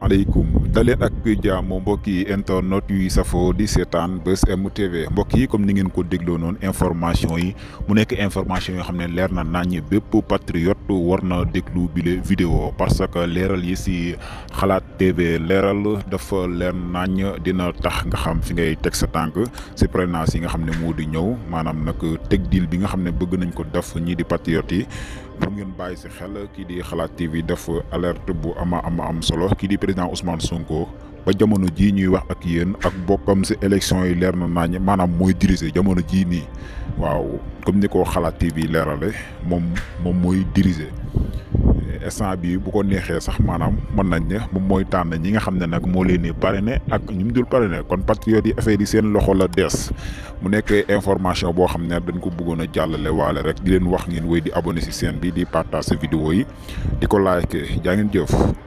aleykum daleen ak jàmm mbokki internet yuy safoo di seetaan Buzz M TV mbokk yi comme ni ngeen ko dégloo noonu information yi mu nekk information yi nga xam ne leer na nañ bépp patriote war na déglu bile vidéo parce que leeral yi si xalaat TV leeral dafa leer nañ dina tax nga xam fi ngay teg sa tànk si prénance yi nga xam ne moo di ñëw maanaam nag teg deal bi nga xam ne bëgg nañ ko def ñii di patriote yi pour ngeen bàyyi si xel kii di xalaat TV def alert bu ama ama am solo kii di président Ousmane Sonko ba jamono jii ñuy wax ak yéen ak bokkam si élection yi leer na nañ maanaam muy diriger jamono jii nii waaw comme ni ko xalaat TV leerale moom moom mooy diriger. instant bi bu ko neexee sax maanaam mën nañ ne moom mooy tànn ñi nga xam ne nag moo leen di ne ak ñu mu pare parrainé kon patriotes yi effet yi seen loxo la des mu nekk information boo xam ne dañ ko bëggoon a jàllale waale rek di leen wax ngeen wéy di abonné si chaîne bi di partage vidéo yi di ko like jaa ngeen jëf